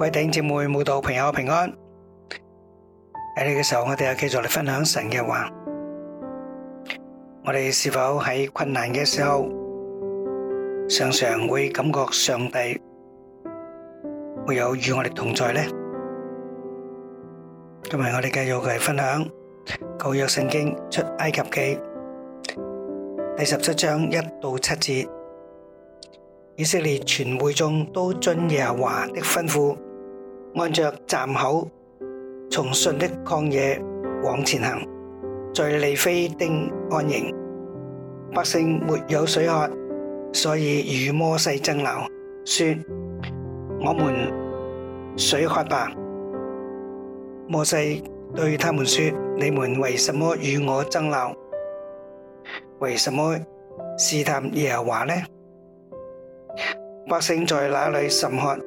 各位弟兄姊妹、信徒、朋友平安。喺呢個時候，我哋係繼續嚟分享神嘅話。我哋是否喺困難嘅時候，常常會感覺上帝會有與我哋同在呢？今日我哋繼續嚟分享《舊約聖經出埃及記》第十七章一到七節。以色列全會眾都遵耶和華的吩咐。按着站口，從順的曠野往前行，在利非丁安營。百姓沒有水喝，所以與摩西爭鬧。說：我們水喝吧。摩西對他們說：你們為什麼與我爭鬧？為什麼試探耶和華呢？百姓在那裏甚渴？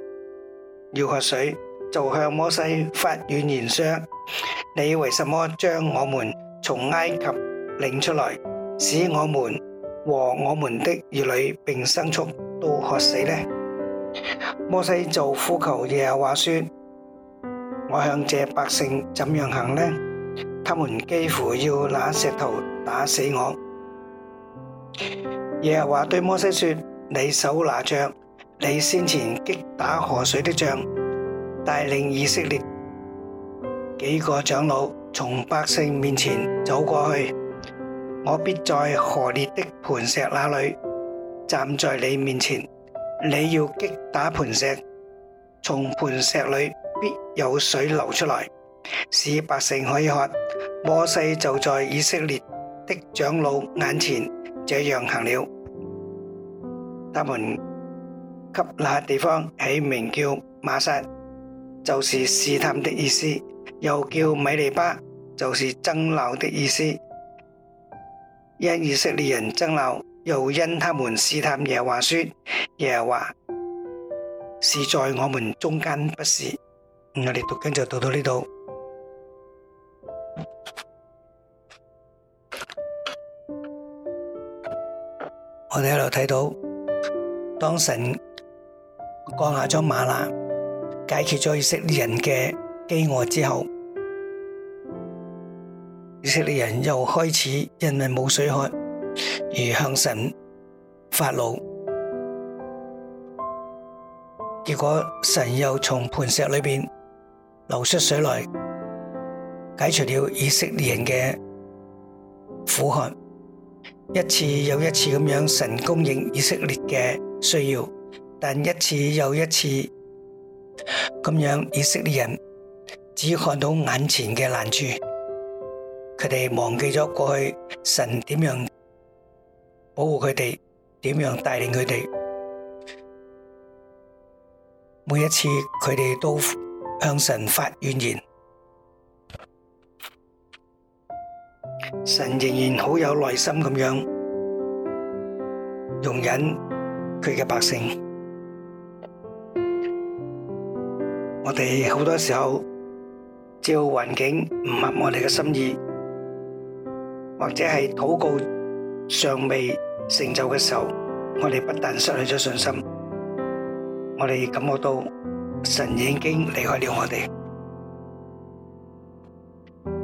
要喝水？就向摩西發怨言說：你為什麼將我們從埃及領出來，使我們和我們的兒女並牲畜都渴死呢？摩西就呼求耶和華說：我向這百姓怎樣行呢？他們幾乎要拿石頭打死我。耶和華對摩西說：你手拿着你先前擊打河水的杖。帶領以色列幾個長老從百姓面前走過去，我必在何烈的磐石那裏站在你面前。你要擊打磐石，從磐石裏必有水流出來，使百姓可以喝。摩西就在以色列的長老眼前這樣行了，他們給那地方起名叫瑪撒。就是試探的意思，又叫米利巴，就是爭鬧的意思。因以色列人爭鬧，又因他們試探耶和華說，耶和華是在我們中間不是。我哋讀經就讀到呢度。我哋喺度睇到，當神降下咗嗎哪。解決咗以色列人嘅飢餓之後，以色列人又開始因為冇水喝而向神發怒，結果神又從磐石裏面流出水來，解除了以色列人嘅苦渴。一次又一次咁樣，神供應以色列嘅需要，但一次又一次。咁樣以色列人只看到眼前嘅難處，佢哋忘記咗過去神點樣保護佢哋，點樣帶領佢哋。每一次佢哋都向神發怨言，神仍然好有耐心咁樣容忍佢嘅百姓。我哋好多時候，照環境唔合我哋嘅心意，或者係禱告尚未成就嘅時候，我哋不但失去咗信心，我哋感覺到神已經離開了我哋。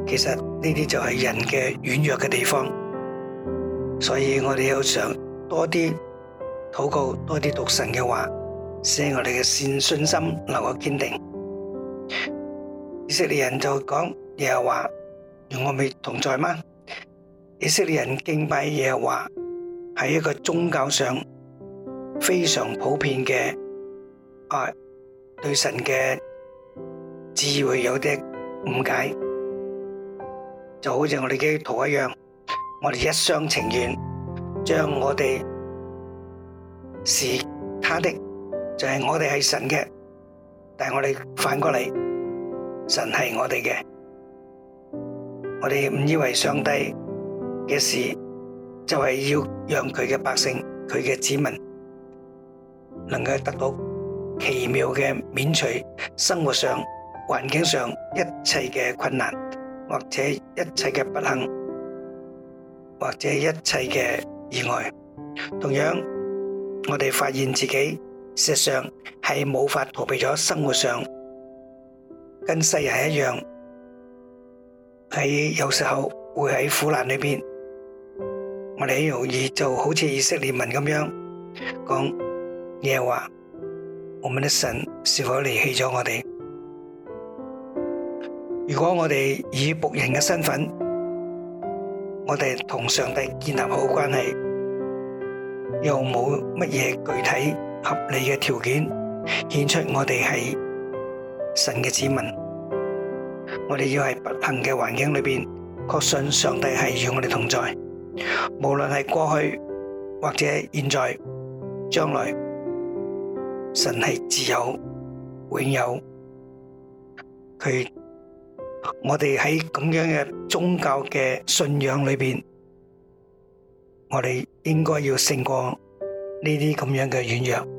其實呢啲就係人嘅軟弱嘅地方，所以我哋要想多啲禱告，多啲讀神嘅話，使我哋嘅信信心能夠堅定。以色列人就講，耶和華與我未同在嗎？以色列人敬拜耶和華係一個宗教上非常普遍嘅啊，對神嘅智慧有啲誤解，就好似我哋基督徒一樣，我哋一廂情願將我哋視他的，就係、是、我哋係神嘅，但係我哋反過嚟。神係我哋嘅，我哋唔以為上帝嘅事就係要讓佢嘅百姓、佢嘅子民能夠得到奇妙嘅免除生活上、環境上一切嘅困難，或者一切嘅不幸，或者一切嘅意外。同樣，我哋發現自己事實上係冇法逃避咗生活上。跟世人一樣，喺有時候會喺苦難裏面，我哋很容易就好似以色列民咁樣講嘢話，我們的神是否離棄咗我哋？如果我哋以僕人嘅身份，我哋同上帝建立好關係，又冇乜嘢具體合理嘅條件獻出我哋係。神嘅子民，我哋要喺不幸嘅環境裏邊，確信上帝係與我哋同在。無論係過去或者現在，將來，神係自有、永有。佢，我哋喺咁樣嘅宗教嘅信仰裏邊，我哋應該要勝過呢啲咁樣嘅軟弱。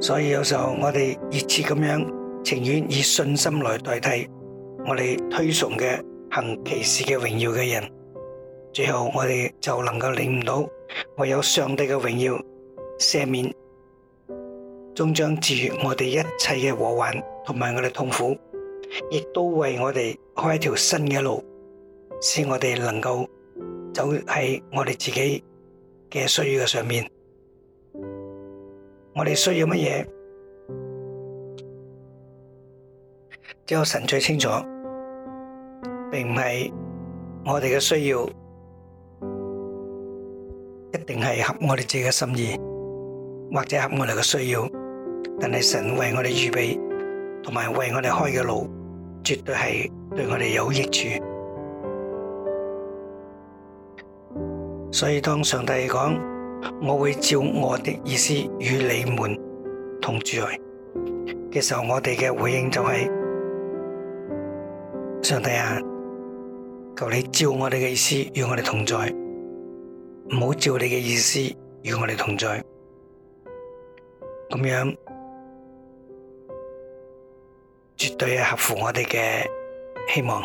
所以有時候我哋熱切咁樣，情願以信心來代替我哋推崇嘅行歧視嘅榮耀嘅人，最後我哋就能夠領悟到唯有上帝嘅榮耀赦免，終將治癒我哋一切嘅禍患同埋我哋痛苦，亦都為我哋開一條新嘅路，使我哋能夠走喺我哋自己嘅需要嘅上面。我哋需要乜嘢，只有神最清楚，並唔係我哋嘅需要一定係合我哋自己嘅心意，或者合我哋嘅需要。但係神為我哋預備同埋為我哋開嘅路，絕對係對我哋有益處。所以當上帝講，我會照我的意思與你們同在嘅時候，我哋嘅回應就係、是：上帝啊，求你照我哋嘅意思與我哋同在，唔好照你嘅意思與我哋同在。咁樣絕對係合乎我哋嘅希望，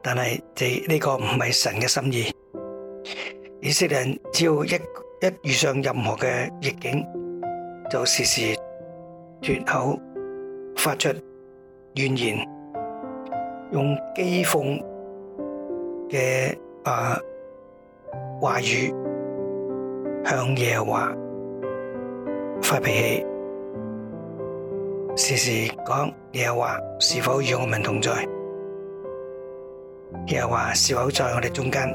但係這呢個唔係神嘅心意。以色列人只要一一遇上任何嘅逆境，就時時脫口發出怨言，用譏諷嘅啊話語向耶和華發脾氣，時時講耶和華是否與我們同在？耶和華是否在我哋中間？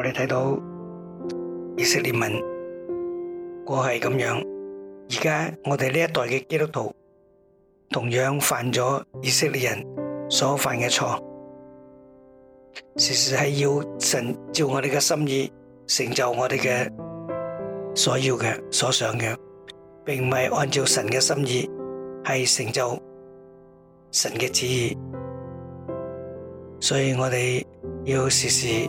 我哋睇到以色列民，過去係咁樣。而家我哋呢一代嘅基督徒，同樣犯咗以色列人所犯嘅錯，時時係要神照我哋嘅心意成就我哋嘅所要嘅所想嘅，並唔係按照神嘅心意係成就神嘅旨意。所以我哋要時時。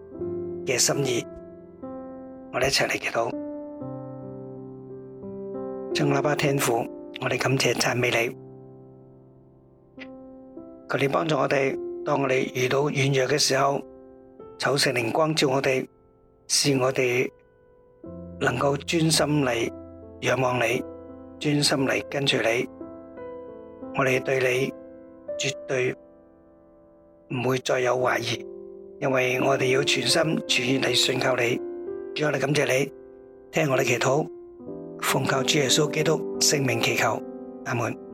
嘅心意，我哋一齊嚟祈禱，正喇叭天父，我哋感謝讚美你，求你幫助我哋，當我哋遇到軟弱嘅時候，透成靈光照我哋，使我哋能夠專心嚟仰望你，專心嚟跟住你，我哋對你絕對唔會再有懷疑。因為我哋要全心全意嚟信靠你，主，我哋感謝你，聽我哋祈禱，奉靠主耶穌基督聖名祈求，阿門。